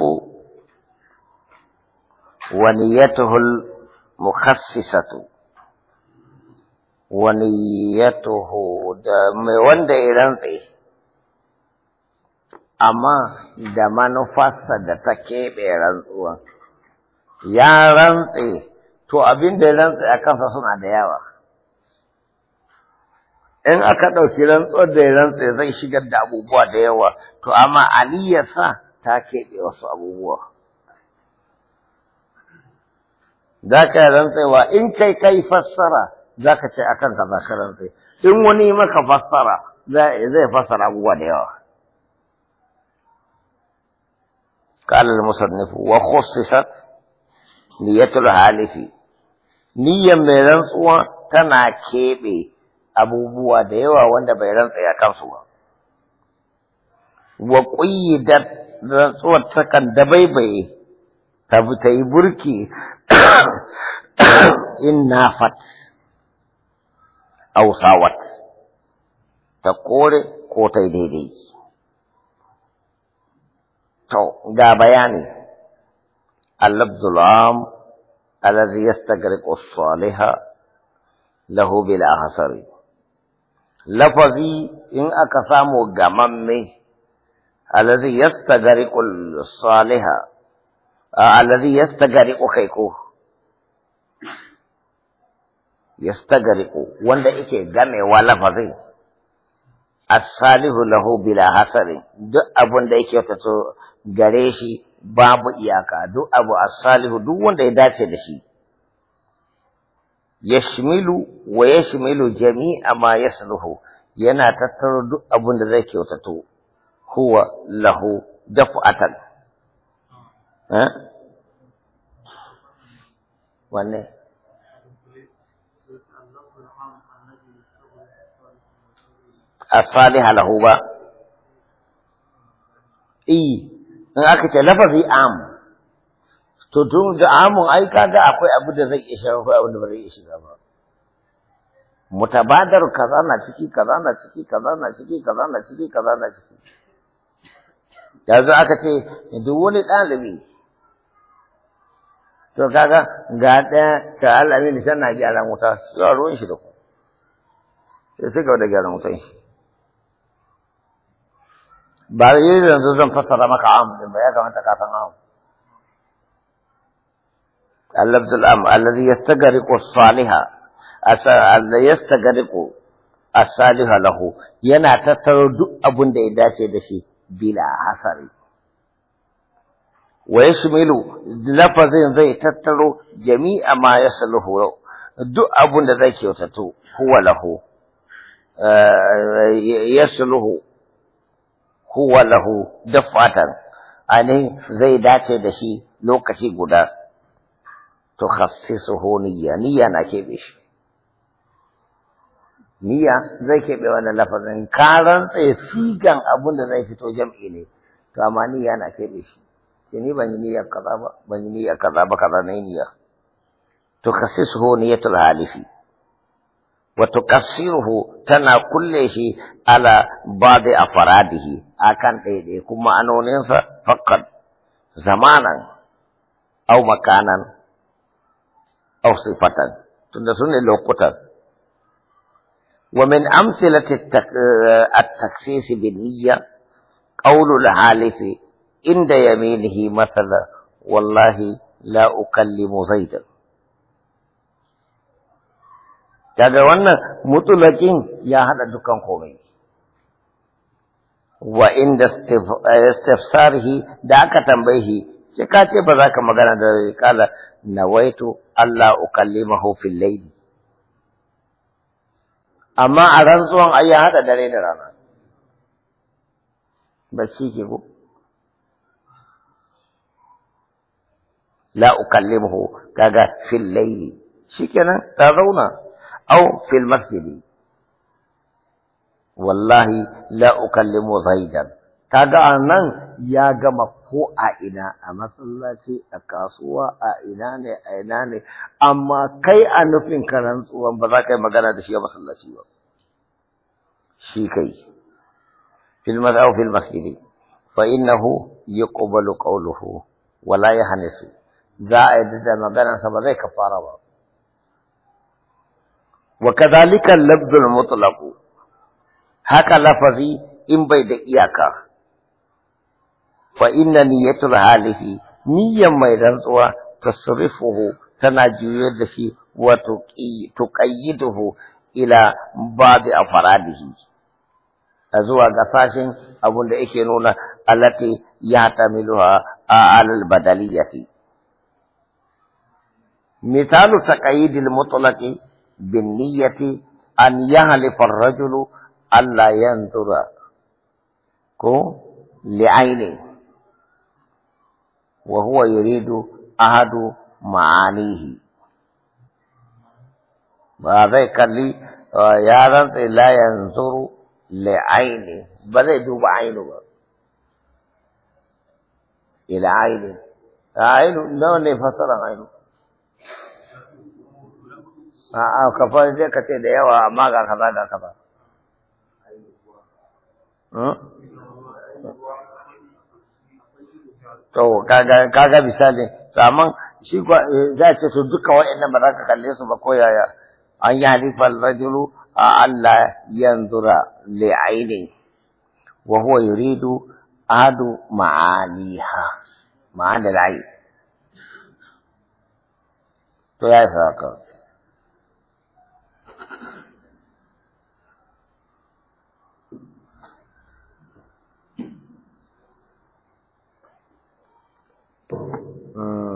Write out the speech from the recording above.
الموصوف ونيته المخصصة ونيته wanda ya rantse amma da manufarsa da ta keɓe rantsuwa ya rantse to abin da ya rantse a kansa suna da yawa in aka ɗauki rantsuwar da ya rantse zai shigar da abubuwa da yawa to amma sa. ta keɓe wasu abubuwa. Za ka yi rantsewa in kai kai fassara za ka ce akan ka za ka rantse, in wani maka fassara zai fassara abubuwa da yawa. قال المصنف وخصصت نية الحالف نية من رنسوة تنا كيبي أبو بوا ديوا وند بيرنسي أكنسوة وقيدت rantsuwar takan dabaibaye ta ta yi burki in nafat ausawat ta kore ko ta yi daidai to ga bayani allabdul am alladhi yastagriqu as-saliha lahu lafazi in aka samu gamamme alladhi yastagariqu as-saliha alladhi yastagariqu kaiku yastagariqu wanda yake gamewa lafazin as-salihu lahu bila hasari duk abun da yake tato gare shi babu iyaka duk abu as-salihu duk wanda ya dace da shi yashmilu wa yashmilu jami'a ma yasluhu yana tattaro duk abun da zai kyautato huwa lahu daf'atan eh wanne as-salih lahu ba i in aka ce lafazi am to tun da amun ai kaga akwai abu da zai isa akwai abu da zai iya ba mutabadar kaza na ciki kaza na ciki kaza na ciki kaza na ciki kaza na ciki yanzu aka ce duk wani ɗalibi to kaga ga ɗaya ta alamin tana gyara wuta zuwa ruwan shi da ku sai suka gaba da gyaran wutan shi ba da yi yanzu zan fassara maka amu din ba ya kamata ka san am اللفظ الأم الذي يستغرق الصالح الذي يستغرق saliha lahu yana tattaro duk abin da ya dace da shi bila hasari wa yasmilu lafazin zai tattaro jami'a ma yasluhu duk abun da zai kyautato huwa lahu eh, yasluhu huwa lahu fatan Ani zai dace da shi lokaci guda to khassisuhu niyya niyya na kebe shi niyya zai keɓe wannan lafazin karan tsaye sigan abun da zai fito jam'i ne to amma niyya na keɓe shi ce ni ban yi niyya kaza ba ban yi niyya kaza ba kaza na niyya to kasisuhu niyyatul halifi wa tuqassiruhu tana kulle shi ala ba'di afradihi akan ɗaya kuma anoninsa fakkar zamanan au makanan au sifatan tunda su ne lokutan ومن أمثلة التخصيص بالنية قول الحالف عند يمينه مثلا والله لا أكلم زيدا kaga wannan mutulakin ya hada dukan komai wa inda istifsarihi da aka tambaye shi sai ka ce ba za ka magana da kala nawaitu Allah ukallimahu fil layli amma a rantsuwan ai ya haɗa dare da rana bacci ke ko la ukallimuhu kaga fil layli shikenan ta zauna au fil masjidi wallahi la ukallimu zaidan kaga a nan ya gama ko a ina a masallaci a kasuwa a ina ne a ina ne amma kai a nufin tsuwan ba za ka yi magana da shi a masallaci ba shi kai fil mas'au fil masjidi fa innahu yuqbalu qawluhu wa la yahnisu za a yi da maganarsa sa ba zai kafara ba wa kadhalika al-lafzul mutlaq haka lafazi in bai da iyaka فإن نية الحالف نية ما يرضوا تصرفه تناجيه وتقيده إلى بعض أفراده أزوى قصاشين أبو الإكينون التي يعتملها على البدلية مثال تقييد المطلق بالنية أن يهلف الرجل ألا ينظر كو لعينه wa huwa yuridu ahadu ma'anihi ba zai kalli uh, ya rantse la yanzuru li aini ba zai duba ainu ba ila aini ainu nawa ne fasaran ainu a'a ka fara zai ka ce da yawa amma ga kaza ga kaza hmm? to kaga kaga misali to amma shi eh, za ce to duka wa'annan ba za ka kalle su ba ko yaya an yi halifar rajulu a Allah yanzura li ainin wa huwa yuridu adu ma'aliha ma'adal ain to ya isa haka